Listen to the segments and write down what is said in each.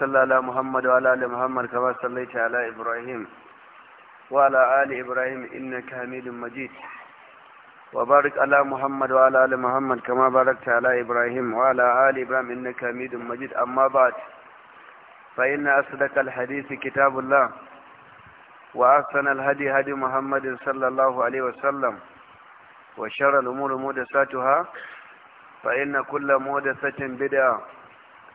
صل على محمد وعلى آل محمد كما صليت على إبراهيم وعلى آل إبراهيم إنك حميد مجيد وبارك على محمد وعلى آل محمد كما باركت على إبراهيم وعلى آل إبراهيم إنك حميد مجيد أما بعد فإن أصدق الحديث كتاب الله وأحسن الهدي هدي محمد صلى الله عليه وسلم وشر الأمور مودساتها فإن كل مودسة بدعة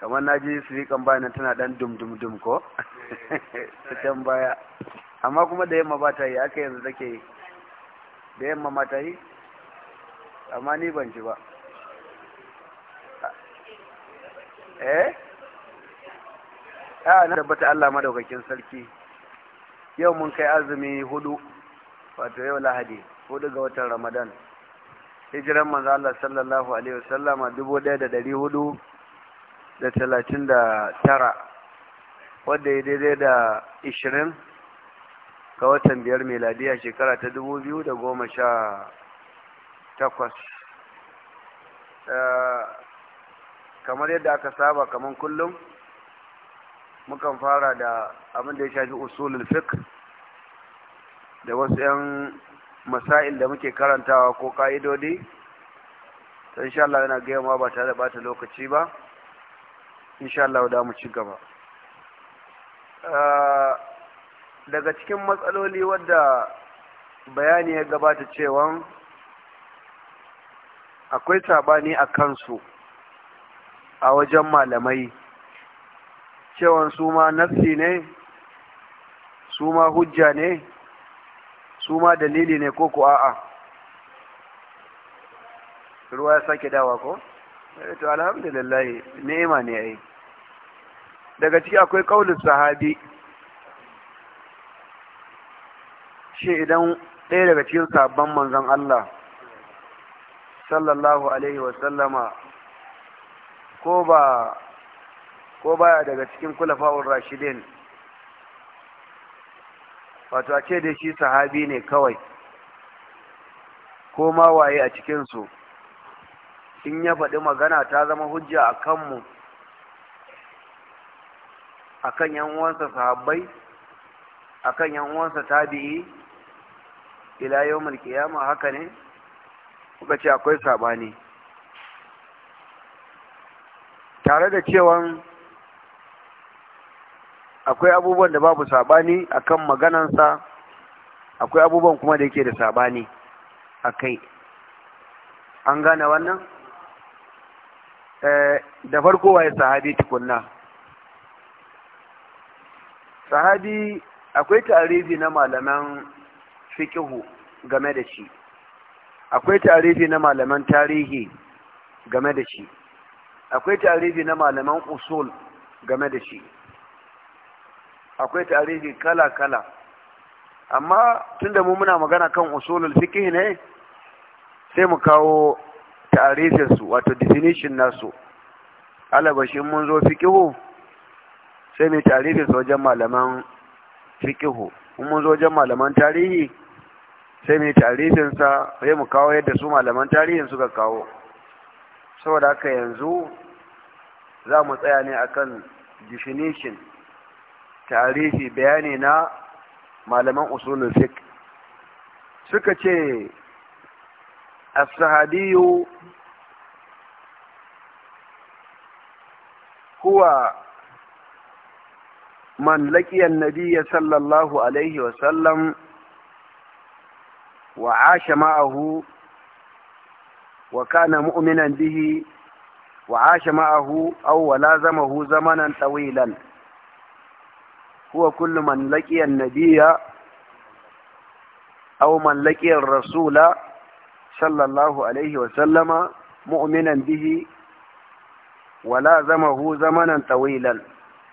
kamar na ji su rikan bayan tana dan dum-dum-dum ko ta can baya amma kuma da yamma ba ta yi aka yanzu take yi da yamma ma ta yi amma ni ban ji ba eh a ah, na tabbata Allah madaukakin sarki yau mun kai azumi hudu wato yau lahadi hudu ga watan ramadan hijiran manzo Allah sallallahu alaihi wasallama dubu ɗaya da ɗari hudu da talatin da tara wadda ya daidai da ishirin ga watan biyar meladiya shekara ta dubu biyu da goma sha takwas eh, kamar yadda aka saba kamar kullum mukan fara da abin da ya shafi usulul fiqh da wasu 'yan masail da muke karantawa ko ka'idodi ta insha Allah yana gaya ma ba tare da bata lokaci ba insha Allah da mu ci gaba ah, daga cikin matsaloli wadda bayani ya gabata cewa akwai sabani a kansu a wajen malamai cewa su ma nafsi ne su ma hujja ne su ma dalili ne ko ku a'a ruwa ya sake dawa ko? Eh, to alhamdulillah ne'ima ne ai daga ciki akwai kaulin sahabi shi idan ɗaya daga cikin sabon manzon Allah sallallahu alaihi wasallama ko ba ko baya daga cikin kulafa'ur rashidin wato a ce da shi sahabi ne kawai ko ma waye a cikinsu in ya faɗi magana ta zama hujja a kanmu akan yan uwansa sahabbai akan yan uwansa tabi'i ila yawmul qiyama haka ne kuka ce akwai sabani tare da cewa akwai abubuwan da babu sabani akan maganansa akwai abubuwan kuma da yake da sabani akai an gane wannan eh, da farko waye sahabi tukunna sahabi akwai tarihi na malaman fikihu game da shi akwai tarihi na malaman tarihi game da shi akwai tarihi na malaman usul game da shi akwai tarihi kala-kala amma tunda mu muna magana kan usulul fiqh ne sai mu kawo tarihinsu wato definition nasu alabashin mun zo fikihu sai mai tarihi sa wajen malaman fikihu, in mun zo wajen malaman tarihi sai mai tarihin sa sai mu kawo yadda su malaman tarihin suka kawo saboda haka yanzu za mu tsaya ne akan definition tarihi bayani na malaman usulun fik suka ce as-sahabiyu huwa من لقي النبي صلى الله عليه وسلم وعاش معه وكان مؤمنا به وعاش معه أو ولازمه زمنا طويلا هو كل من لقي النبي أو من لقي الرسول صلى الله عليه وسلم مؤمنا به ولازمه زمنا طويلا